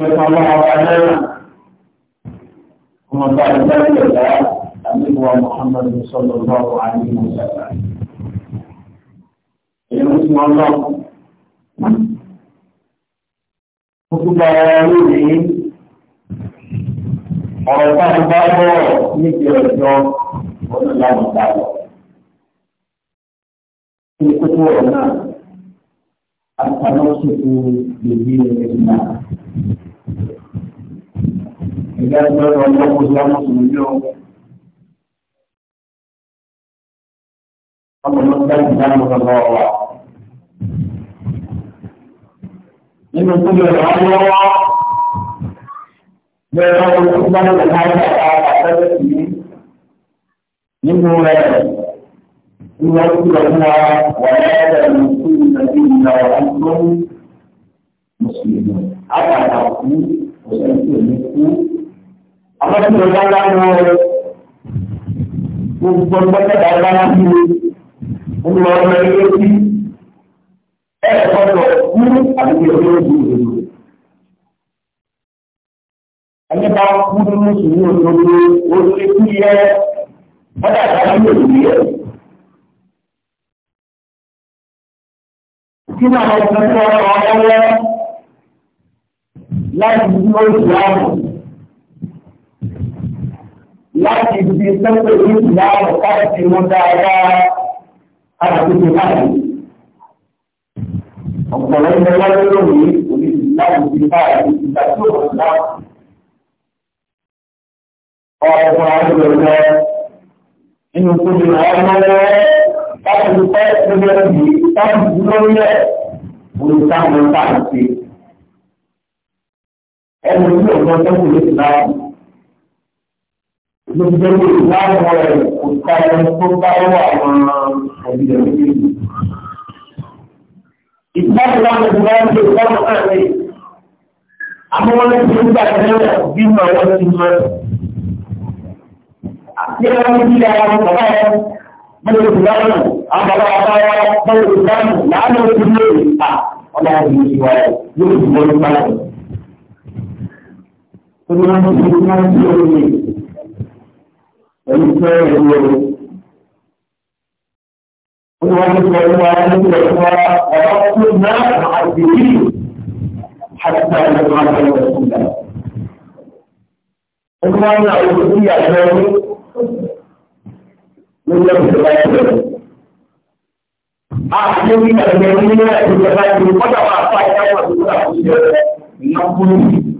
كيف الله تعالى ومن بعد ذلك النبوة محمد صلى الله عليه وسلم إلى اسم الله خطبة يومين ọ̀rọ̀ tá a bá bọ̀ níbi ọjọ́ onílànà dàgbà. Ṣé kókó ọ̀rọ̀ náà? Àtàlọ́ ṣètò bèbí ẹ̀rọ náà. Ìgbà ìgbẹ̀rẹ̀ ọmọ Nínú tó lè rọ̀ lọ́wọ́, bẹ̀rẹ̀ ọmọ tó bá lè láyé àtàkàtà nínú rẹ̀. Ìwọ́n tó lọ fún wa àtàtà kú ọ̀sẹ̀ tí ò ní kú. Àwọn tí wọ́n bá wá lọ gbogbo gbọ́dọ̀ bá wá sí i, ń lọ ọmọ ilé sí. Ẹ gbọ́dọ̀ kú àti ọjọ́ ojú òdodo. Ẹni bá kú ní Mùsùlùmí òdodo, ó ṣe kú yẹ ọ̀dà àtàkùn òdodo yẹ. Kí ni àwọn ọ̀sán tí wọ́n láti ní ìsìláàmù láti ibi sẹ́pẹ̀ ní ìsìláàmù káàkiri wọn dáadáa àtàkùn káàkiri. ọ̀pọ̀lọpọ̀ wáyé lónìí òní ìsìláàmù ti káàkiri ìgbà tí ó wà ọ̀pọ̀ àgbẹ̀rẹ̀ inú kò lè wọ́n lọ́wọ́ láti pẹ́ lórí ẹ̀sìn táwọn ìdúró lẹ̀ òun táwọn táwọn ṣe ẹnu tí òun ọjọ́ kò lè bá gbogbo ìwádìí rẹ̀ kò ká ẹni tó bá wà wọn ẹ̀bí rẹ̀ níbi ìlú. ìtàkì láti fi máa ń ṣe ìtàkì náà rẹ̀ àmọ́ wọn ti ń gbà tẹ́lẹ̀ bí mà wọ́n ti mọ. àti ẹ̀rọ ní ilé ara wọn bàbá yẹn mọ́lẹ̀ ìdílánù àwọn bàbá bàbá wa mọ́lẹ̀ ìdílánù láàánú ìdílé ìta ọlọ́run ìwà ẹ̀ yóò ti mọ́ nípa rẹ̀. tó máa ń fi máa ń fi omi ẹni fẹ́ ẹ̀yẹ rẹ̀. Wọ́n wá ní ìwọ̀n wá ní ìwọ̀n wá ọ̀rọ̀ tó náà àti bí حتى نفعل رسول الله. Wọ́n wá ní àwọn òbí àjọ ní lọ́wọ́ ìgbàlódé. Àti ní ìgbàlódé ní ìgbàlódé ní ìgbàlódé ní ìgbàlódé ní ìgbàlódé ní ìgbàlódé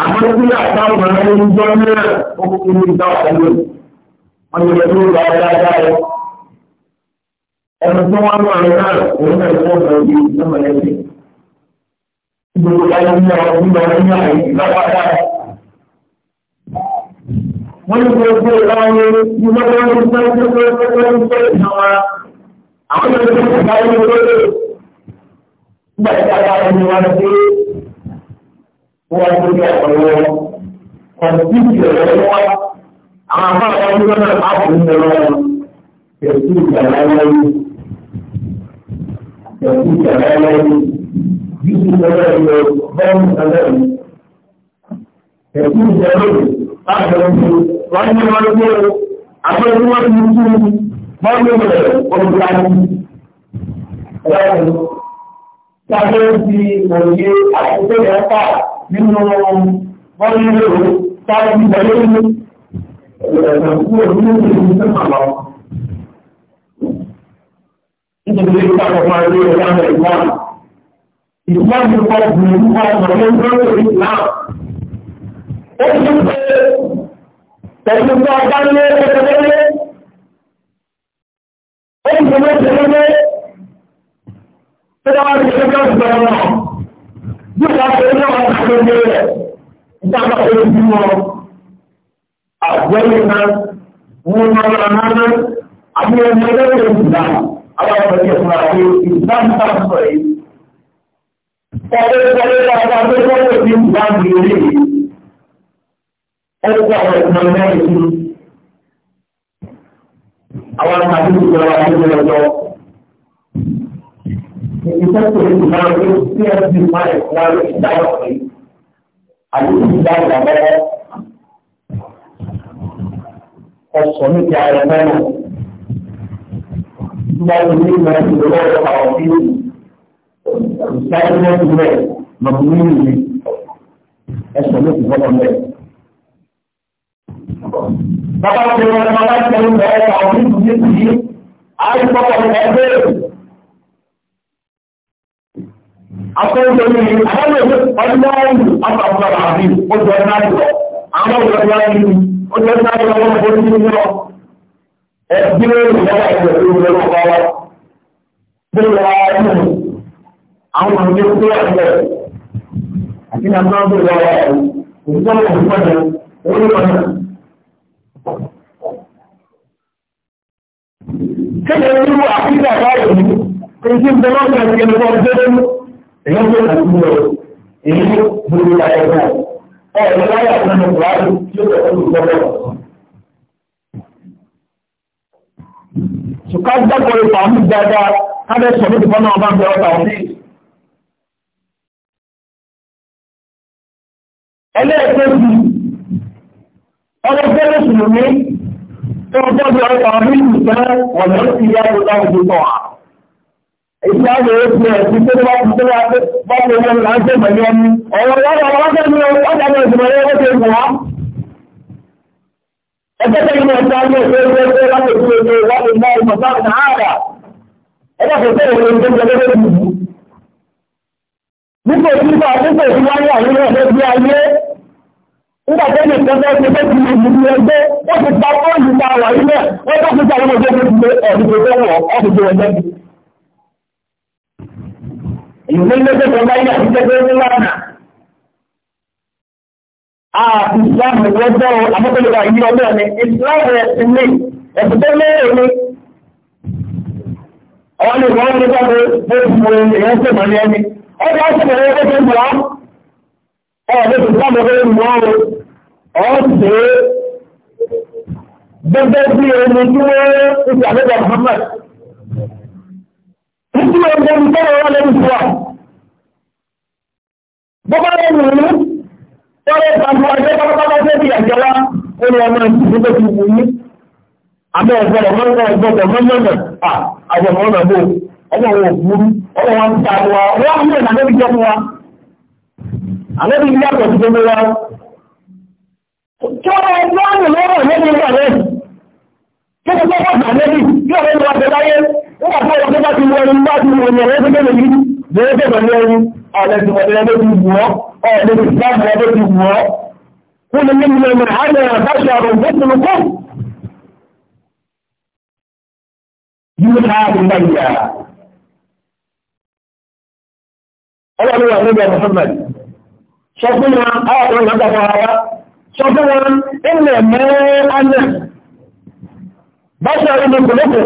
àmọ́ tí àtàwọn ọmọ ìjọ náà ó kú ní ìgbà ọ̀pọ̀lọ́ wọn yẹ kí ó gba ọ̀dá dáadọ́ ẹni tí wọ́n máa ń rà òun náà wọ́n mọ̀ ní ìjọba ẹ̀sìn ìgbòho láyé ní àwọn ọmọ ní àwọn ìgbà pátá wọ́n ní kí ó gbé láyé ní lọ́wọ́ ní sẹ́ńtẹ́ tó ń tẹ́tẹ́ ń tẹ́ ìnáwó àwọn ìgbà tó ń bá yẹn lórí ìgbà tí a bá ẹni wá sí wọ́n ti ní ọ̀pọ̀lọpọ̀ kọ̀ǹtìtì ọ̀rọ̀ wá àwọn afáàfáà tó lọ́nà láti ń lọ ẹ̀sùn ìjàmbá lọ́wọ́ ẹ̀sùn ìjàmbá lọ́wọ́ yíyí lọ́wọ́ ẹ̀rọ bọ́ọ̀mù ọ̀rẹ́ mi ẹ̀sùn ìjàmbá láti ọ̀rọ̀ wọ́n ní wọ́n gbé o àbẹ̀wò wọn ti tú bọ́ọ̀mù rẹ̀ olùdarí ẹ̀rọ tí a fẹ́ fi òye àti tó yẹ ká nínú bọ́lúwò táwọn ìgbẹ̀lẹ́ ní ẹ̀ẹ̀kúrò ní ìlú sẹ́mà lọ. Nítorí ìpapọ̀ máa rí ẹ̀rọ àwọn ìwọ̀n. Ìwọ̀n ti pọ̀ jù ní ọmọ lórí ìlànà. Ó ti bí wọ́n ṣe ní wọ́n ṣe lé rẹ̀ ìjọba tó ti mọ àgbẹ̀yẹ náà wọ́n máa ń rán náà àbí wọ́n máa ń rán náà ìgbà àwọn ọmọ ìjọba fún wa pé ìgbà ń bá sọ yìí. Ọ̀rẹ́ ìgbàlẹ́ dáadáa tó i. Ẹgbẹ́ ìfẹ́sẹ̀ ìmọ̀ràn tí ẹ ti máa ẹ̀ fún ayé ìdáyọ̀ pé àdúgbò ìdá ìdàgbọ́ ọ̀sọ̀ níbi ara náà láti ní ìmọ̀ ìlú lọ́wọ́ àwọn bí ìsáyé lọ́wọ́ rẹ̀ lọ́wọ́ ní ìlú ẹ̀sọ̀ ló ti gbọ́dọ̀ mẹ́rin. Bàbá mi wọ́n máa ń tẹ̀lé ìmọ̀ ẹ̀ka òní ìdílé yìí, àìsàn ọ̀rọ̀ ẹgbẹ́ rẹ̀ akọ́wọ́dọ́rí àwọn ọdún afọ̀fọ̀rọ̀ àbí ọjọ́ náàjọ́ àwọn ọjọ́ ní ọjọ́ náàjọ́ wọn bó ní lọ ẹgbẹ́ ìyáwó ìgbẹ̀rẹ̀ ìgbẹ̀rẹ̀ ọ̀pọ̀wọ́ bí wọ́n á mú àwọn ọjọ́ tó wà lẹ̀ àti náà máa ń bọ̀ lọ́wọ́ òṣìṣẹ́ wọn kò gbọ́dọ̀ orí ọ̀nà. Kéde ní wọ́n àfíìsì àbáyọ̀ ní, èyí ń bẹ lọ́sẹ̀ ìgbẹ̀rẹ̀ ọ̀pọ̀ èyí ló kà sí lọ èyí ló gbogbo ayé náà ọ ní láyé àwọn ọmọ ìwà rẹ tí ó tẹ̀sán ló gbọ́dọ̀ ṣùkà gbàgbọ́ ipa mú dáadáa kábẹ́ sọ ní ìfọ́nà ọba ń bẹ ọba ọ̀dẹ́ ẹlẹ́ẹ̀kejì ọlọ́gbẹ́ lóṣù lómi tó ń gbọ́dọ̀ ọba ọdún ìgbà wọ̀nyọ́ sí yá ló dáhùn gbogbo ọ̀hán Èyí á lè fi ẹ̀sìn tó bá ti tó wáṣẹ́ bá ti wọ́n là ń ṣe pẹ̀lú ọmọ. Ọ̀rọ̀ wọ́n wọ́n wáṣẹ́ ní ọjọ́ àwọn ìṣẹ̀lẹ̀ yẹn wọ́n ti wù wá. Ẹgbẹ́ tẹ́lẹ̀ ní ọjọ́ àwọn ìṣẹ̀lẹ̀ yẹn wọ́n ti wù wá láti mọ ìmọ̀ sáà ní àárà. Ẹgbẹ́ tó tẹ̀lé ní ọjọ́ àwọn ìṣẹ̀lẹ̀ yẹn. Nígbà tí nígbà nígbà tí wọ́n wà nínú ọ̀dọ́ bí ayé. Nígbà tó ní ìtọ́jú ẹgbẹ́ tó ti lè mú ẹgbẹ́, ìwé lọ́jọ́ báyìí àti tẹ́gbẹ́ ńlànà. Ààbò ìsìláàmù wọ́jọ́ amọ́tòlùwà yìí ọlọ́ ni ìsìláàmù ẹ̀sìn ní ẹ̀sìn tó lérè ni. Àwọn ni wọ́n ní sọ́dọ̀ bó ti mọ èèyàn tó mọ̀ ní ẹni. Ọjọ́ ọ̀sẹ̀ rẹ̀ ó ti mọ̀ ọ́. Ọ̀rọ̀ ti sọ́mọ pé mọ̀ ọ́. Ọ̀sẹ̀ gbẹgbẹ́ bí ẹni tí wọ́n ti àlejò Muhammad títí ọjọ́ ìtọ́rọ wọn lẹ́nu sí wa. Bọ́bá rẹ̀ wù ú, tọ́rọ ìtàkùn àjẹ́ pátápátá tó di àjẹ́ wa, ó ní ọmọ ìtìsí tó ti wù mí. Àbẹ́ ọ̀gbọ́dọ̀ mọ́nà ọ̀gbọ́dọ̀ mọ́nà àwọn ọmọ náà bò ọmọ wọn òkúrú, ọmọ wọn ń ta wa, wọ́n ń rìn àlẹ́bí jẹ́ fún wa. Àlẹ́bí ilé àpọ̀ ti gbogbo wa. Tọ́rọ ẹgbẹ́ ọ̀nà lọ́rọ̀ lẹ́nu Gẹ́gẹ́ bá wọ́n gbà lẹ́bí, bí ọ̀rẹ́ ìwà bẹ̀rẹ̀ láyé, wọ́n wà fún ọ̀rọ̀ bá ti wọ ẹni bá ti wọ ẹni ẹ̀rẹ́ gẹ́gẹ́ lèyí, bẹ̀rẹ̀ bẹ̀rẹ̀ lẹ́rú, ọ̀rẹ́ ti wọ̀ ẹni ti wù ọ́, ọ̀rẹ́ ti bá wọ̀ ẹni ti wù ọ́. Wọ́n lè mímú ẹni báṣọ ilé kòlókò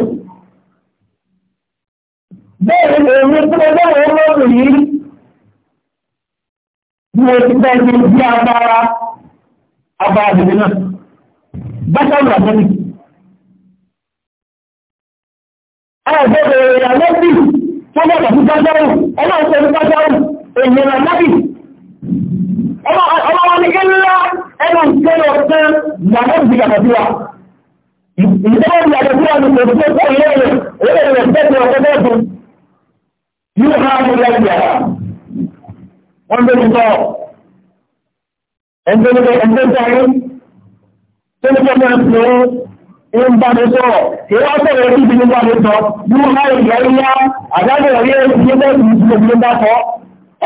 bẹ́ẹ̀ ni èmi tí mo bẹ́ẹ̀ wọ́n lọ́rùn yìí bí mo ti bẹ́ẹ̀ ní bí agbára agbára bèbè náà báṣọ ìlà bẹ́ẹ̀ ni. ọ̀dọ́ bẹ̀rẹ̀ ìyàwó bí wọ́n bá tàbí bájáwù ọlọ́run tẹ̀lé bájáwù èyí là lábì. ọmọ wọn ni kí ńlá ẹnu ìkẹyọ̀ kan làwọn ìdíjà tàbí wa ìjọba ìyàtọ̀ tí wọ́n ti tẹ̀sí tó ilé rẹ̀ ilé rẹ̀ tẹ̀sí ọ̀pọ̀ bẹ́ẹ̀dù yóò ha mú lẹ́yìn yàrá. wọ́n bẹ ní sọ ẹgbẹ́ nígbà ẹgbẹ́ sáré tó ní kẹ́kẹ́ ẹ̀sìn ó ń bá mi sọ kí wọ́n sọ̀rọ̀ ẹbí ti ní bá mi sọ yóò ha ìyá ìyá àdájọ́ ọ̀rẹ́ ẹ̀sìn ní bá mi sọ ní bá sọ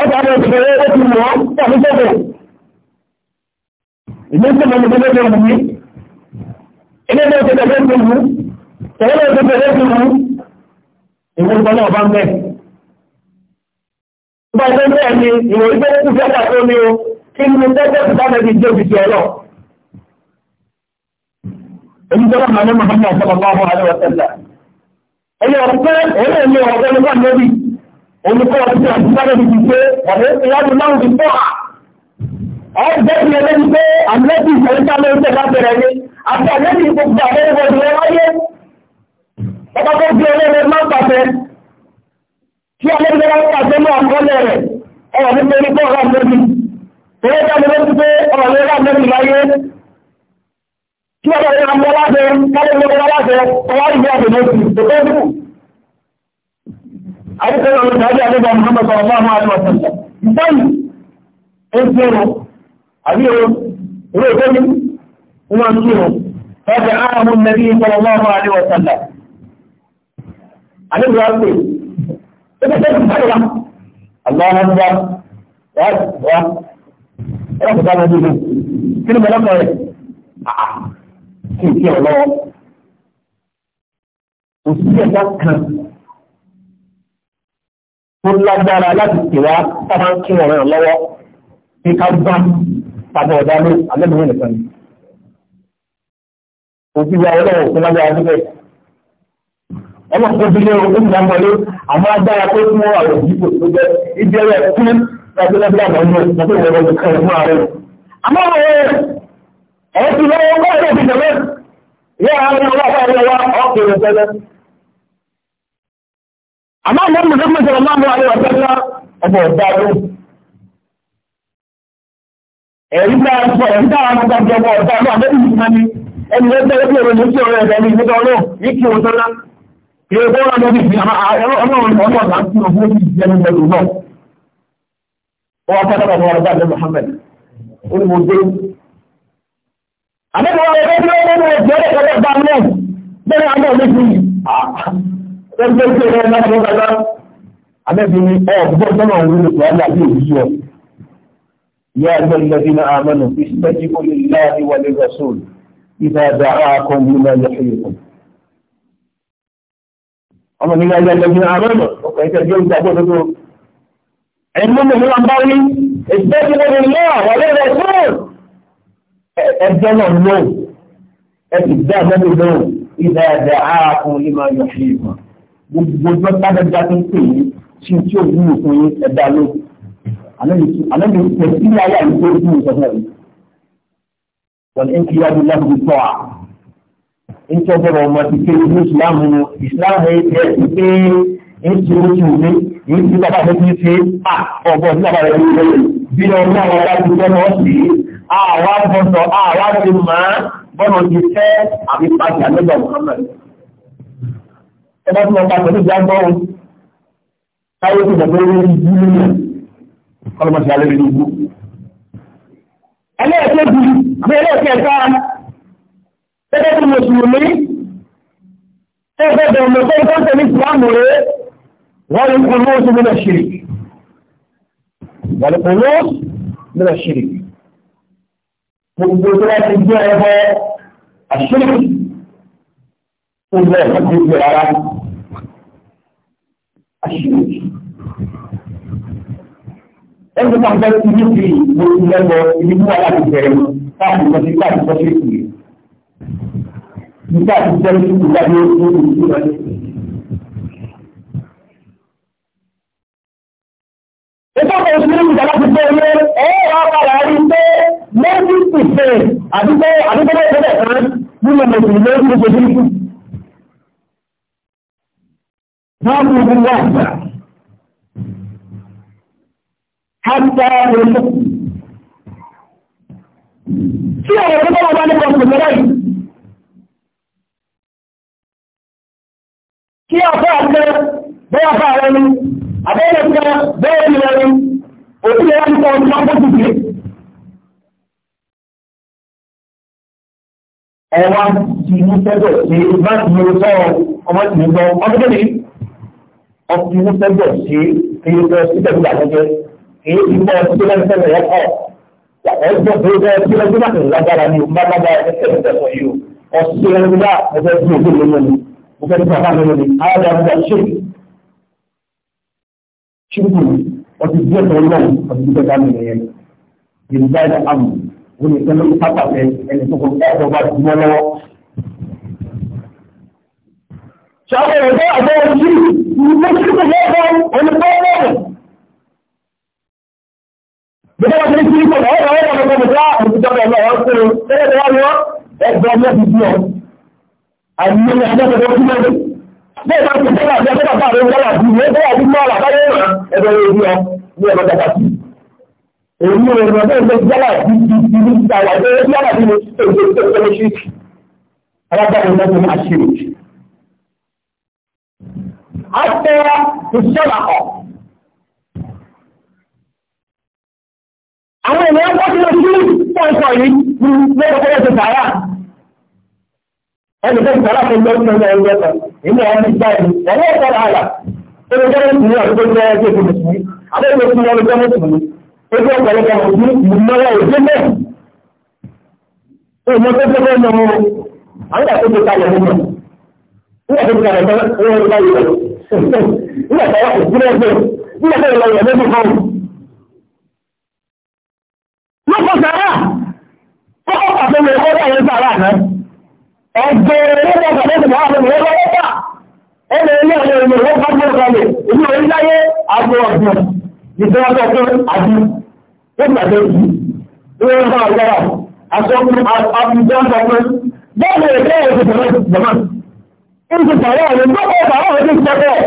ọ̀tá mi sọ ó ti mọ̀ ọ́ tàbí sọ̀rọ̀ ìgbésẹ̀ náà ti tẹ̀lé ti wù tẹ̀lé náà ti tẹ̀lé ti wù ìwé ìgbọ́n náà bá ń bẹ̀. Bá ẹgbẹ́ bẹ́ẹ̀ ni ìwé ìgbẹ́ kú fẹ́ kà tó ní o kí ni tẹ́tẹ́ ti bá mẹ́bi jẹ́ òbí ti ẹ̀ lọ. Èmi tó máa ní Muhammad sallallahu alaihi wa sallam. Ẹyẹ ọ̀pẹ́ ẹ̀rọ ìlú ọ̀pẹ́ ní wà lórí. Olùkọ́ ọ̀pẹ́ àti bá mẹ́bi ti gbé ọ̀rẹ́ ìyáàdùn náà ti pọ̀ à. Ọ̀pẹ́ ti ẹlẹ́ni pé àmì lẹ́bi ìfẹ́ àti àlẹ́bí gbogbo àwọn ẹgbẹ̀rún rẹ̀ wáyé ọba tó bí ọlọ́rẹ̀ máa pàṣẹ tí àlẹ́bí rẹ̀ pàṣẹ ní àkọọ́lẹ̀ rẹ̀ ọ̀rọ̀ nípa orí pọ̀ ọ̀rọ̀ àlẹ́bí torí ẹ̀ka ni wọ́n ti pé ọ̀rọ̀ rẹ̀ rà lẹ́bí láyé tí ọ̀rọ̀ rẹ̀ rà mọ́ láṣẹ kálẹ̀ ní ọ̀rọ̀ láṣẹ ọwọ́ ìgbé àbẹ̀lẹ́sì tó tó dùn àdúgbò ọ̀rọ̀ tàbí àdúgbò Muhammad sọ̀rọ̀ máa máa lọ sọ̀rọ̀ ìdáyì ó ń àbí ẹ̀rọ ìwé ìgbẹ́ni وما نجيهم فدعاهم النبي صلى الله عليه وسلم عليه الرسول إذا كنت حلوة الله أكبر وأكبر رفض على نبيه كلمة لما آه كيف يا الله وسيئة كان كل دارا لا تستوى طبعا كيف يا الله في كذا تبغى دامي علمه هنا كان òbí ya ọlọ́wọ́ fún lágbára síbẹ̀. ọlọ́pàá bílẹ̀ ọdún náà wọlé àmọ́ agbára pé fún àwọn òbíkò tó jẹ́ ibi ẹ̀rọ fún lágbára àwọn ọmọ ọmọ tó wọlé ọdún kan fún ààrẹ. àmọ́ ọ̀rọ̀ rẹ̀ ọ̀rọ̀ ti lọ́wọ́ wọ́n ẹ̀rọ ti tẹ̀lé yẹ àwọn ọmọ ọ̀rọ̀ ń wọlé wà tẹ́lẹ̀ ń sọ ẹ̀rí dáa ń sọ ọ̀dà lóhùn ẹni ẹgbẹ́ ẹgbẹ́ ẹ̀rọ ní kí ọ̀rẹ́ ẹ̀dẹ́ ní ìgbẹ́ta ọlọ́ ní kí o tọ́lá ìwé bọ́ọ̀lá lórí fi ọlọ́run ọlọ́run láti ọdún ní ìjẹun lẹ́nu náà ó wá pátákà ní ọ̀rọ̀ bàbá Muhammad ó ní لله وللرسول إذا دعاكم لما يحييكم ọmọ nígbà ìgbà ìgbà àmọ́nà ọkọ̀ ìfẹ́ jẹ́ ìgbà àgbọ̀ tuntun ẹni mímú ní wọn bá wí ẹgbẹ́ tí wọ́n ní lọ́wọ́ àwọn ẹgbẹ́ fún ẹgbẹ́ náà lò ẹgbẹ́ ìgbà àgbẹ̀ lò ìgbà àgbẹ̀ ààkùn ìmọ̀ ayọ̀ sí ìmọ̀ gbogbo ọjọ́ tábẹ́gbà tó ń pè yín tí tí ò wúlò fún yín ẹ̀dá lò àlẹ́ mi pẹ̀lú ilé ayé àyíkó ìdúró wọn ń kí yàgò lábùkù tọ́ a ń tọ́ bọ̀rọ̀ ọmọ ti pé ní ìsìláàmù nù ìsìláàmù ẹ̀ ti pé ń ti ń ti wùmí ń ti bàbá rẹ̀ ti ṣe à ọ̀bọ̀ ní bàbá rẹ̀ ti ṣe bí ọmọ àwọn ọba ti tọ́ lọ sí àwa bọ̀sọ̀ àwa ti mọ̀ ọ́ bọ́nà ti fẹ́ àbí pàṣẹ àlọ́gbà Muhammad ẹ bá tún lọ bá pẹ̀lú ìgbàgbọ́ táyé tó dàgbé lórí ìbú lónìí ọlọ́mọ ti alẹ́ lórí ìbú ẹlẹ́ẹ̀kẹ́ bíi Bẹ́ẹ̀rẹ̀ kẹta, gẹ́gẹ́ bí Mùsùlùmí, tó fẹ́ bẹ̀rẹ̀ mọ̀ tó ń tẹ́ ní Ìsìlámù rẹ̀, wọ́n lè kún lóòsù nínú ṣìrì. Wọ́n lè kún lóòsù nínú ṣìrì. Gbogbo tó wá ti gbé ẹbọ àṣírí tó lẹ̀ fún gbogbo rárá. Àṣírí ẹni tó bá ti ní ti mo ti lẹ́lọ ibi tí wà láti bẹ̀rẹ̀ mu káàdì kan sí káàdì kan sí èkó yìí. Nígbà tí sẹ́ni tó kúta ní oṣù tó kú lọ. Ètò ọ̀pọ̀ oṣù nínú ìjọba ti gbé ilé ẹ̀rọ ọ̀kadà rí pé lẹ́yìn ìpè àdúgbò àdúgbò ìpínlẹ̀ kan nínú mọ̀tò ilé ìgbésẹ̀ tó kú. Wọ́n mú ìlú wà àtúntà ìrìnlẹ̀. Tí àwọn ọ̀rọ̀ bá wà bá nípa ọ̀sẹ̀ mẹ́rẹ̀ yìí, kí àfẹ́ àfẹ́ bẹ́ẹ̀ fà rẹ̀ ni, àbẹ́rẹ̀ fẹ́ bẹ́ẹ̀ ni rẹ̀ ni, òkú lè wá nípa ọ̀sẹ̀ mẹ́rẹ̀ tó dìde. Ẹ̀wá ti ní sẹ́gbẹ̀ sí bá ti mú sọ ọmọ ti mú sọ ọdún tó ní ọtí ní sẹ́gbẹ̀ sí kí ó fẹ́ sí tẹ̀gbẹ̀ àjẹjẹ́ èyí ti bọ́ ọtí lẹ́sẹ̀rẹ̀ rẹ kọ̀ ẹgbẹ́ tó bọ́ ọtí lẹ́sẹ̀rẹ̀ náà lágbára ni ọba lágbára ẹsẹ̀ ìtẹ̀sọ̀ yìí o ọtí lẹ́sẹ̀rẹ̀ náà mo fẹ́ tún òkú lónìí mi mo fẹ́ tún bàbá mi lónìí àwọn ọmọ ọmọ ṣe ṣíkù ọtí díẹ̀ tó ń lọ ọtí díẹ̀ tó ń lọ yẹn yorùbá ẹ̀ àmù wọn ni sẹ́ni pápákẹ́ ẹni tó kọ ẹ̀kọ́ bá ti mọ́ lọ́wọ́. ṣàwọn ọ̀dọ́ àbọ̀ ọtí ìlú mọ́ṣíkù lọ́wọ́ ọ̀nà ìpò ọ̀rọ̀ ọ̀rọ̀ ọ̀rọ̀ ọ̀rọ̀ òtítọ́bẹ̀ lọ ọ̀rọ̀ tẹ́lẹ̀ wá yọ ẹgbẹ́ mẹ́fì sí ọ àmì ẹgbẹ́ tó kí mẹ́rin bẹ́ẹ̀ bá ti tẹ́lẹ̀ àti ẹgbẹ́ bàbá rẹ̀ wọ́n àti ìwé bẹ́ẹ̀ àti mọ́ àbáyé rẹ̀ ẹgbẹ́ rẹ̀ rí ọ ní ẹgbẹ́ bàbá sí èyí rẹ̀ rẹ̀ bẹ́ẹ̀ bẹ́ẹ̀ jẹ́lá ti ti ti ní ti àwọn ẹgbẹ́ rẹ̀ jẹ́lá ti ní èdè tó tẹ́lẹ̀ sí alágbàdo náà ní àṣírí. Afẹ́ ìṣẹ́lá ọ̀ àwọn ènìyàn pọ̀ sí ojú pọ̀ǹpọ̀ yìí ní lọ́pọ̀ ẹ̀sẹ̀ sàárà ẹni tó sàárà fún lọ́pọ̀ ẹ̀sẹ̀ ẹ̀yẹ kan nínú ọmọ ìgbà ẹni wọ́n yóò sọ̀rọ̀ àlà tó lè jẹ́ ní ọdún tó jẹ́ ẹgbẹ́ ìlú mùsùlùmí àwọn ènìyàn fún ọmọ ìjọ mùsùlùmí ó jẹ́ ọ̀pọ̀lọpọ̀ mùsùlùmí mọ́wọ́ òjé mẹ́rin ó mọ tó jẹ́ fẹ́ mọ́ àwọn ìgbà tó ti kalẹ̀ nínú nígbà tó ti kalẹ̀ tán ó yẹ lọ́pọ̀ sàárà ọkọ̀ pàtó mi ẹ̀kọ́ bá yẹn sàárà náà ọgbẹ́ lọ́pọ̀ pàtó mi ẹ̀kọ́ bá yẹn sàárà ẹ̀mẹ̀ ilé àwọn ènìyàn wọ́n bá gbọ́ kalẹ̀ ìlú orí láyé àgbọ̀ ọ̀gbọ̀n ìjọba tó àti ó gbàgbé yìí ìwé ń bá ọ̀gbọ̀n àṣọ àbùjọ ń sọpẹ́ bọ́ọ̀lù ẹ̀kọ́ ẹ̀kọ́ tẹ̀lé jọ̀mọ́ ń ti sàárà rẹ̀ lọ́pọ̀ sàárà rẹ̀ ti sọpẹ́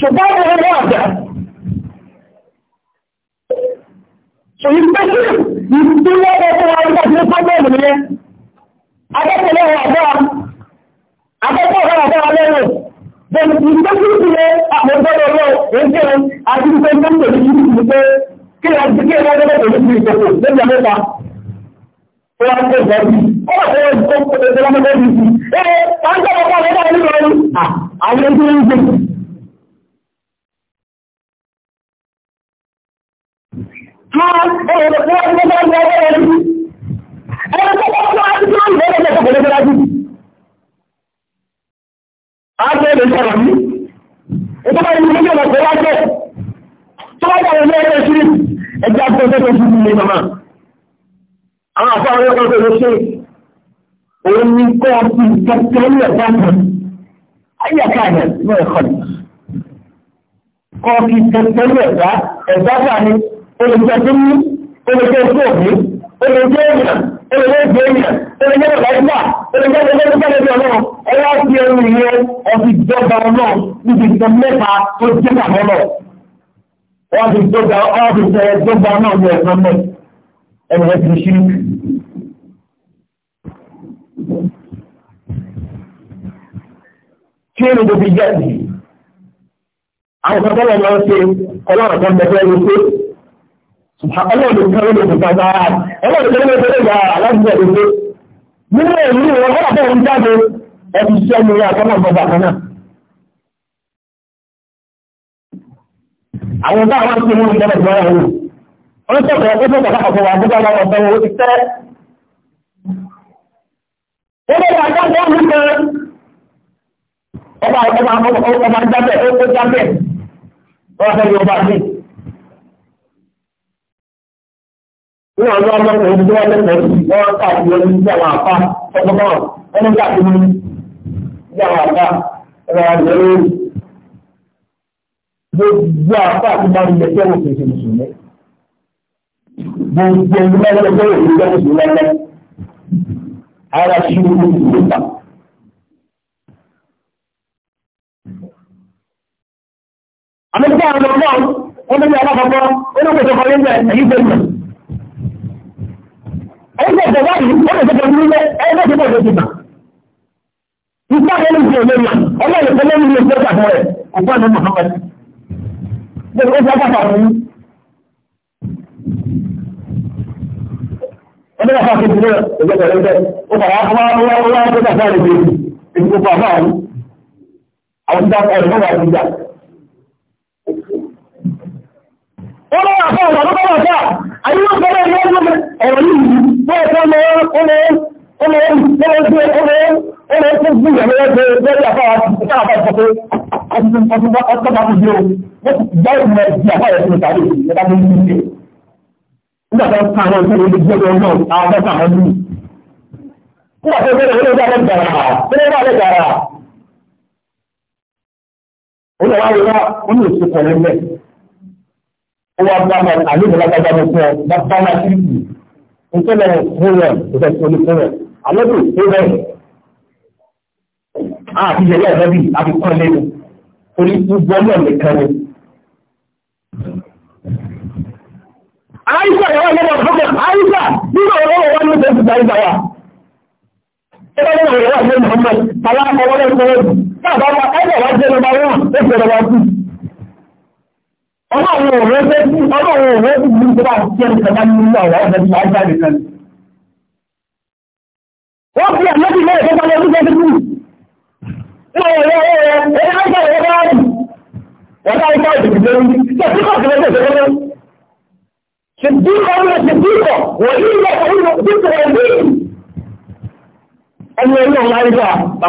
ṣùgbọ́n mo ń bá àjà Èyí pé kí ìdí wọ́n bọ́ fún wa nípa ìdí pọ́blẹ́mù nìyẹn. Akẹ́kọ̀ọ́ lọ́wọ́ àbọ́ wa. Akẹ́kọ̀ọ́ lọ́wọ́ àbọ́ wa lẹ́rù. Bẹ́ẹ̀ni ìdí pé kí ìdí àpòjọ́lọ́ lọ èké àti ìdí pé ń tẹ̀lé kí ìdí pé kí ìdí pé kí ìdí pé kí ìdí pé kí ìdí pé kí ìdí pé Ó wá ń tẹ̀lé bí. Ó wà tẹ́lẹ̀ tó ń tẹ̀lé lọ́mọdé bí. Ee, à ń tẹ̀lé ọkọ̀ rẹ̀ náà nílò ẹni. Àwọn ẹgbẹ́ ń gbé. ọ̀gbọ̀n ọ̀gbọ̀n ọ̀gbọ̀n ẹni tó bá fún àti tó ń bọ̀ lọ́dọ̀ tó bẹ̀rẹ̀ bẹ̀rẹ̀ dúdú. Àgbẹ̀ lè sọ̀rọ̀ ní. Ètò bá yẹ kí ọ̀gbọ̀n wá jẹ́. Tó bá yẹ ilé ẹgbẹ́ sí ẹgbẹ́ agbẹ́gbẹ́ tó fún mi màmá. Àwọn àfọ àwọn ẹgbẹ́ tó lè ṣe òun ní kọ́ ọtí kẹ́kẹ́ ní ẹ̀fọ́ mọ̀. Ayé ẹ̀ka rẹ̀ ní ẹ̀kọ́ ni. Kọ́ ọtí kẹ́kẹ́ ní ẹ̀dá ẹ̀dá wà ní olùjẹ́ tó ní ó lè jẹ́ ojú òbí ó lè jẹ́ ènìyàn ó lè jẹ́ èdè ènìyàn ó lè jẹ́ ìgbàgbà ó lè jẹ́ ìgbàgbà lẹ́bí ọlọ́run ẹ̀yà ti ẹnu ìyẹn ọtí jọba ọlọ́run níbi ìtàn mẹ́ta tó jẹ́ bàbá lọ. wọ́n ti jọba wọ́n ti jẹ jọba náà ní ẹ̀sán mẹ́ ẹni wọ́n ti ṣí. kí ni gbogbo ìjẹ́ àwọn kan tọ́lọ̀ máa ń ṣe ọlọ́run kan bẹ̀rẹ̀ ló ṣe Ọlọ́run kan ló kò tọ́jú ara rẹ̀. Ọlọ́run kan ló kò tọ́jú ara aláìsí ẹ̀dọ́gbé. Nínú ìlú wọn, wọ́n bọ̀ ń jáde ẹbí iṣẹ́ mi àtọ́nà bọ̀bà kan náà. Àwọn ọba àwọn tí wọ́n ń bẹ̀rẹ̀ gbọ́ra rẹ̀. Wọ́n tọ̀kọ̀ ó tọ̀kọ̀ káàkọ̀ wà bó bá wọn ọ̀bẹ wọn ó ti tẹ́. Wọ́n bẹ̀rẹ̀ àgbàdo ọ̀hún kan. Ọba ọba ọba jábẹ̀ ó jábẹ̀. Wọ́n fẹ́ yọ ọba mi. ní ọjọ́ ọlọ́pàá ìdílé ọlọ́pàá sí wọ́n káàkiri ẹni tí àwọn àpá ọgbọ́n ẹni káàkiri tí àwọn àpá ẹ̀rọ àgbẹ̀ lórí. Gbogbo àpá àti máa ń lẹ tẹ́wọ̀ kìí ṣe mùsùlùmí. Gbogbo ẹni máa ń lẹ tẹ́wọ̀ kìí ṣe mùsùlùmí lẹ́lẹ́. Ara ṣí ní ìlú ìta. Àmì tí àwọn ọmọ náà wọ́n ní alákọ̀ọ́kọ́ ó ní kòtò kan lé ẹgbẹ́ ìjọba yìí wọ́n lè tẹ́tẹ́ nílé ẹgbẹ́ ìjọba yìí ti bà. Ìgbà yẹn ló ń fi òlẹ́yìn ọlọ́run ìfẹ́ lẹ́yìn ilé ìjọba àtọ́ rẹ̀ ọgbọ́n ní Muhammad. Bẹ́ẹ̀ni ó sábà bàbá wọn. Ẹgbẹ́ ìjọba àti ìdílé ìjọba ẹgbẹ́ ó bàbá wá wá wá tó bàbá rẹ̀ bí èmi kò bàbá wọn. Àwọn ìjà ọ̀rẹ́ náà wà ní ìjà. Wọ́n lọ́wọ́ àfọ̀ ayé wọn bẹ̀rẹ̀ ní ọjọ́ ọ̀rọ̀ yìí bẹ́ẹ̀ tó lọ ọmọ ọmọ ọmọ ọmọ ọmọ tó gbé ìyàwó ẹgbẹ́ lórí àfáà ìta àfáà ìfọ̀pé ọdún ọdún bá ọdún bá gbé o wọ́n ti gbá ó wá bá wọn àlejò lágbàgbà mi fún ọ bá bá wọn sí ìlú nítorí ẹ fún rẹ kò fẹ́ fún mi fún rẹ àlọ́ tó fún rẹ àti ìyẹ̀lẹ̀ rẹ bí àfikún lẹ́nu torí gbogbo ọmọ nìkan ni. Àìsà ìyàwó ìyàwó ọ̀fọ́kẹ́ Àìsà nínú ọ̀rọ̀ wọn ní oṣù tó Àìsà wa. Ṣé wọ́n ní ọ̀rọ̀ wọn ní Mùhàmmad Sàlámù ọwọ́lẹ́ ìṣòro? Sábà wa ẹ̀rọ wa jẹ́ nọ́mbà wọn, wa ọlọ́run ò rẹ́fẹ́ ọlọ́run ò rẹ́fẹ́ bí àwọn ọ̀dọ́ ti máa wọ́n fi àmọ́bí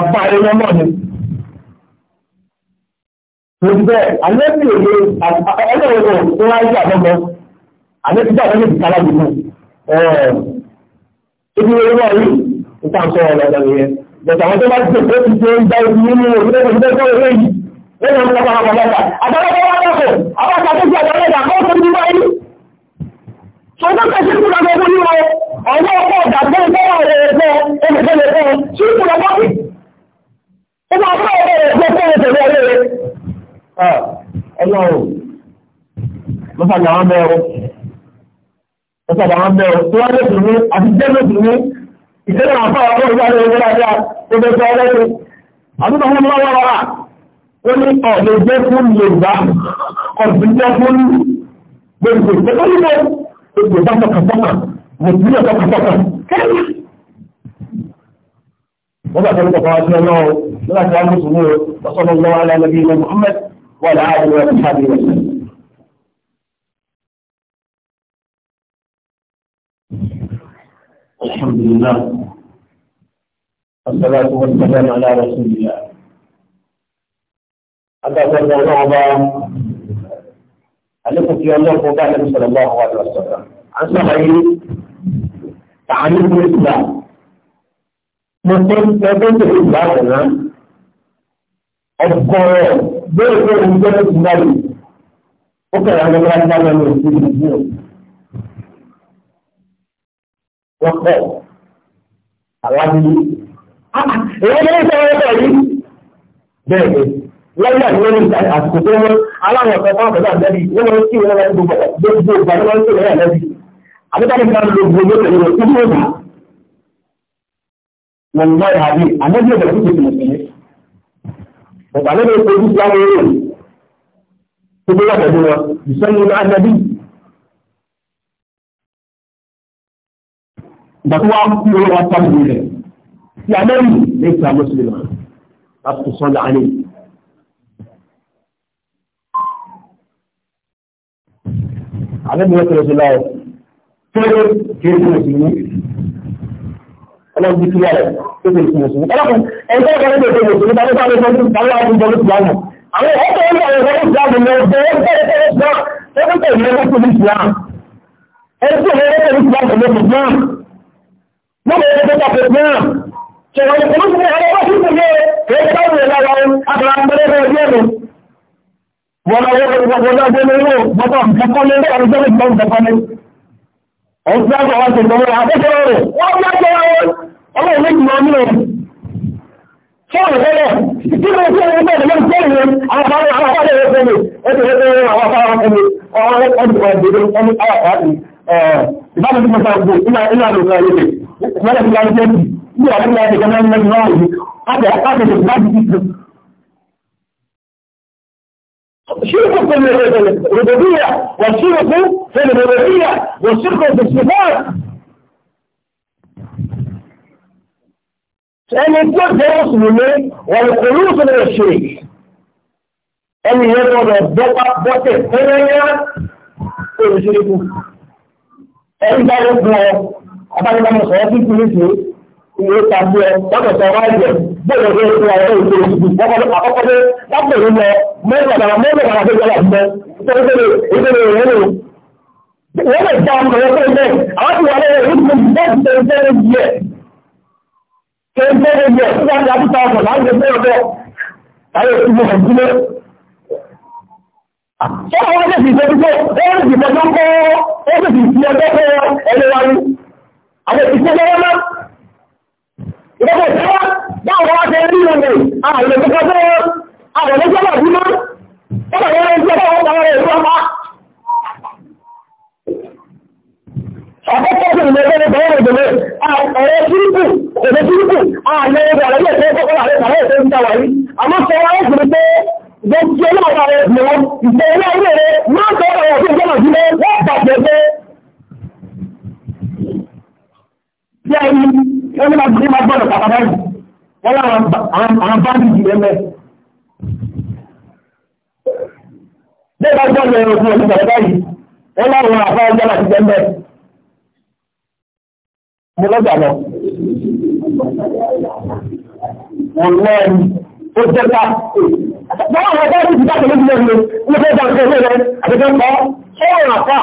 náà tó sáré ọdún Òṣìṣẹ́ àlẹ́bí òye ẹlẹ́wọ̀n tó wá sí àbọ̀bọ̀ àlẹ́bí tó àlẹ́bí ti kálá gbogbo. Ibi orí náà rí nípa ń sọ ọ̀rọ̀ ọ̀dọ̀ nìyẹn. Bọ̀dọ̀ àwọn tó bá ti tẹ̀lé ti ṣe ń dá ibi nínú orílẹ̀ èdè tó wọlé yìí. Wọ́n yàn lọ́pàá àwọn ọ̀dọ́ta. Àbọ̀dọ̀ wá dọ̀kọ̀ àwọn àtàkùn ti àjọ ẹ̀dà kọ́ tó ti wáyé. Ṣọjọ́ kẹsí kú lọ gbogbo ní wọn. Ọ̀nà ọkọ̀ ọ̀dàgbọ́n tó wà rẹ̀ ẹ̀kọ́ ẹnìkẹ́lẹ̀ kan. Ṣé kú lọ bọ́ ọlọ́run ah, mọ́sàdà wọn bẹ̀rù mọ́sàdà wọn bẹ̀rù tí wọ́n lè dùn ní àti jẹ́ lè dùn ní ìṣẹ́lẹ̀ àwọn afọ́ ọ̀rọ̀ ìgbà lè wọlé àdá tó bẹ sọ ọlọ́run àdúgbò wọn lọ́wọ́ wọn wà ó ní ọ̀lẹ́ jẹ́ fún Yorùbá ọ̀sìn jẹ́ fún gbogbo ìgbà tó lè gbogbo bá tọkàtọkà mùsùlùmí ọ̀tọkàtọkà kẹ́lá. wọ́n bá tẹ́lẹ̀ tọkà wá sí ọlọ́run nígbà tí wọ́n mú sùn والعادل والصحابي والسلام الحمد لله والصلاة والسلام على رسول الله أتى الله عليكم في الله وقال صلى الله عليه وسلم عن صحيح تعليم الإسلام مصر تبدأ الإسلام أذكر bẹ́ẹ̀ fẹ́ òun jẹ́ tuntun báyìí ó kẹ̀rẹ̀ àwọn ọmọ aláǹdá lọ́nà òfin ìdílé o. wọ́n kọ́ aláàbí ah, ah, èyí ló ń sọ ọ́ sọ yìí bẹ́ẹ̀ ni lẹ́yìn àti lẹ́yìn àsìkò tó wọ́n aláwọ̀ ọ̀sẹ̀ fún àbẹ̀dá àbẹ́bí wọ́n máa ń kí wọn láti gbogbo gbogbo ìgbà ni wọ́n ń kí wọn láti àbẹ́dá ní ká lo gbogbo pẹ̀lú ìdílé ìgbà wọn máa ń hàbí àbẹ́bí ọ̀dọ̀ tó ti ọ̀pọ̀ àlẹ́ bẹ̀rẹ̀ fojú sí àwọn èrò tó bó wọ́n tẹ̀lé wọn ìsọ́nù ní ànábì. ìgbà tó wá kú lọ́wọ́ wá sábà nílẹ̀ sí àmẹ́rì ní ìsà mùsùlùmí láti sọ láàánú. àlẹ́ bẹ̀rẹ̀ tẹ̀lé sí láwọ̀ tẹ́lẹ̀ kí é fún òsì ọlọ́run bí kílíà rẹ̀ tó fi ìsìn mùsùlùmí. ọlọ́run ẹni tó kọ́ níbi ètò mùsùlùmí tàbí sáré fún ìsìn tàbí láti jọ lóṣù láàmù. àwọn ọkọ̀ orí àwọn ọ̀rọ̀ ìsìn àmì lọ bẹ ẹgbẹ́ ẹgbẹ́ ẹgbẹ́ ẹgbẹ́ ẹgbẹ́ ẹgbẹ́ ẹgbẹ́ ìsìn àmì. ẹni tó lọ́wọ́ ẹgbẹ́ ìsìn àmì lọ fún náà. wọ́n bẹ̀rẹ̀ ẹgbẹ́ ìsìn àmì náà. ṣèwọ́n ìpolúsùn àwọn ọkọ̀ ìsìn yẹn kẹ́ẹ́ sáwọn ìlàwọ̀ àtàrà ń bẹ̀rẹ̀ ẹgbẹ́ ẹgbẹ́ Wọ́n lọ wọ́n lọ gbé lórí ọ̀pọ̀tọ̀ nǹkan kan lé ọ̀rọ̀ ìjọba ìgbà ń tẹ̀kọ́ ní ọ̀n tí a sọ wá sí ìgbọ̀nmọ́ àtẹ́kọ̀ọ́ rẹ̀ wọ́n bí ápẹ́ wọn ọmọ ìlú ìgbìmọ̀ nílò sọ́ọ̀rọ̀ tẹ́lẹ̀ tí mo fi ẹ̀rọ bẹ́ẹ̀ lọ́n tẹ́lẹ̀ yẹn àwọn afárá àwọn afárá ẹ̀rọ tẹ́lẹ̀ ó ti rẹ̀ tẹ́lẹ̀ àwọn afárá ẹ̀mí ọ̀rọ̀ ọ̀dùnkọ̀ ẹ̀dẹ̀dẹ̀ ọmọ àwọn àti ìbámu tí mo sọ gbò ilá ilá ló sọ شرك في الربوبية والشرك في الربوبية والشرك في الصفات فأن يكون مسلمين والخلوص من الشرك أن يضرب الضبط ضبط الثانية ويشركوا أين تعرفوا أبدا من صلاة الكنيسة ìwé tàbí ẹ lọ́dọ̀ tó wá jẹ bóyá ìwé tó wáyé ìwé ìdìbò kọ́kọ́ àkọ́kọ́ pé lápẹ̀ nínú mẹ́rin àtàwọn mẹ́rin àtàwọn tó yọlá ìgbẹ́ nítorí rẹ̀ rẹ̀ wọ́n lè ta ọmọ rẹ̀ pé àwọn ti wà lẹ́yìn ìlú tó ti bẹ́ẹ̀ tó ń tẹ́rẹ̀ jẹ tẹ́rẹ̀ jẹ tó wà ní àtúntà ọmọ ìgbẹ́kẹ̀ tí wọ́n dáwọn wá ṣe rí ìrìnlẹ̀ àwọn ìlẹ̀kọ́ tó wọ́n àwọn ìlẹ́jọ́bà bí mọ́ tọ́bà yẹn ń jẹ́ wọ́n pàwọn ìlú ọmọ ọ̀pọ̀pọ̀ sí ilẹ̀ ẹgbẹ́ bẹ̀rẹ̀ ìdòlẹ̀ ọ̀rẹ́ síríkù ọ̀rẹ́ síríkù ààlẹ́ ẹgbẹ́ àlẹ́yẹ̀ tó kọ́kọ́ àlẹ́ ìtàwọ̀ yìí àmọ́ sọ wọ́n ẹ̀sìn pé gbogbo ọlọ́ọ̀rẹ́ ìgbẹ̀wọ̀n ìgbẹ̀wọ̀n àwọn bá nìyí lẹ́mẹ̀. Bí ìgbà tó ń lọ ẹ̀rọ fún ọdún bàbá yìí, wọ́n láwọn àbá ọjọ́ láti jẹ́ mẹ́. Mo lọ́jà lọ. Wọ́n lọ ẹni ó jẹ́ ká. Báwo ni ọjọ́ ìdíjà tó lójú lẹ́nu ilé fẹ́ dáńtọ́ ilé rẹ̀ àtẹ̀jọ́ pọ̀? Ṣé wọ́n àpá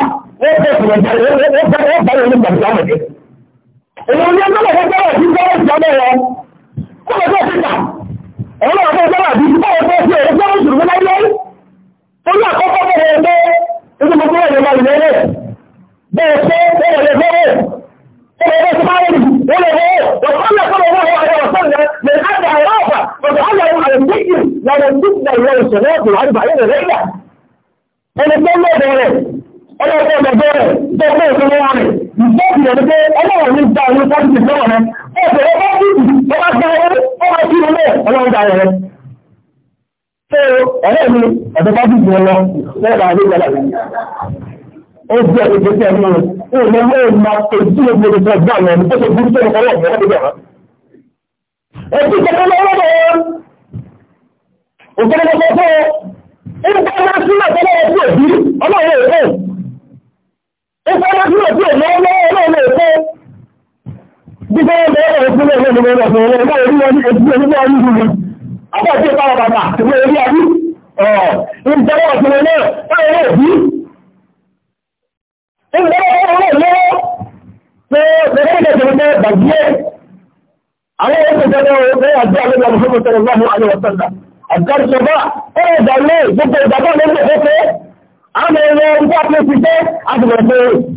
wọ́n fẹ́ kó lọ bẹ́ẹ̀ síta ẹ̀rọ ọ̀fẹ́ ìjọba àbí báwo fẹ́ sí ẹ̀rọ ìjọba ìṣòro fẹ́ láyé torí àkọ́kọ́ bẹ̀rẹ̀ ẹgbẹ́ inú gbogbo ẹ̀rọ ìmọ̀ ìlú ẹ̀rẹ́ bẹ́ẹ̀ fẹ́ bẹ́ẹ̀ lè fẹ́rẹ́ ẹ̀rọ ẹ̀rọ ìṣòro fẹ́ wọ́n lè wọ́n wọ́n lè kọ́ lọ́wọ́ àwọn ọ̀rọ̀ sọ́nà lè ádà ọ̀rọ̀ ọ̀fà ọ̀dọ̀ àwọn àrẹ̀mdíkì làrẹ̀mdíkì ìwọ̀ ìṣẹ̀lẹ̀ ọ̀gbìn àrùbà yẹn rẹ̀ yà ẹni tó lọ́dọ̀ rẹ̀ ọlọ́dọ̀ ọ̀dọ̀ rẹ̀ tó fẹ́ ìṣẹ̀lẹ̀ wà rẹ̀ ìgbẹ́ ìrẹ̀lẹ́gbẹ́ ọlọ́run ní gbà ní pọ́ńtì sọ́wọ́ rẹ̀ ọ̀dọ̀ rẹ̀ pọ́ńtì kí ló lẹ́ ọlọ́run dá rẹ̀ tó ọ̀rẹ́ mi ọ̀dọ́ bá dùn jù lọ lẹ́ẹ̀rọ àdéjọba yìí ó jẹ́ ètò tí ẹni rẹ̀ ó lọ mọ́ ìmọ̀ èjì ogun ètò ọgbà rẹ̀ ní pẹ́sẹ̀ burúkú ẹ̀kọ́ lọ́wọ́ ọ̀rẹ́ Gbígbé ẹgbẹ́ ẹ̀rọ ìpínlẹ̀ ìlú ìlú ìlú ìlú ìlú orí wọn ní ìpínlẹ̀ ìlú ọdún ìlú. Àbọ̀ tí ó bá bàbà tí ó rí àbí. Ìjọba ọ̀sẹ̀ náà táwọn ilé òbí. Ìjọba ọ̀sẹ̀ náà lọ́wọ́ pé bẹ̀rẹ̀ ìdẹ̀jẹ̀ ní bàjẹ́. Àwọn ẹgbẹ́ ìjọba ọ̀sẹ̀ àjọ àlejò àmọ́sọ́kọ̀ tẹ̀lé lọ́hùn àlẹ́wọ̀sọ́dà. Àgbàjọba ọ̀rọ̀ ìdàlẹ́ gbogbo ìdàgbà lẹ́gbẹ̀ẹ́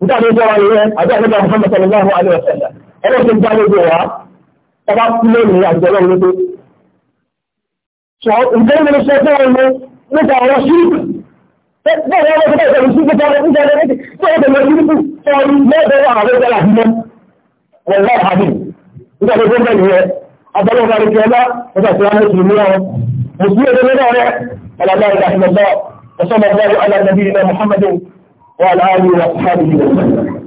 nítorí ọjọ́ ayẹyẹ àjọ àlejò Muhammad sallallahu alayhi wa sallam ẹlẹ́sìn ń dálójú wa ọba kúlẹ̀ ní àjọ náà lóde. sọ ǹjẹ́ ìlú sọ fún wọn ní nípa ọ̀rọ̀ ṣíríkù bẹ́ẹ̀ ni wọ́n fẹ́ ìṣẹ̀lẹ̀ ṣíríkù tó ń jẹ́ ẹni tó ń tẹ̀lé ṣíríkù tó ń lọ́dọ̀ àwọn ọ̀rẹ́ ìjọba àbúrò wọn lọ́ọ̀ hàbí nítorí ọjọ́ bẹ́ẹ̀ nìyẹn abọ́lọ́ ọba rẹ̀ kẹ́lá ọjà tí wọ́n mú mùsùlùmí ọ̀rẹ́ ọ̀làlá ìdàkùnmọ̀ وعلى آله وأصحابه وسلم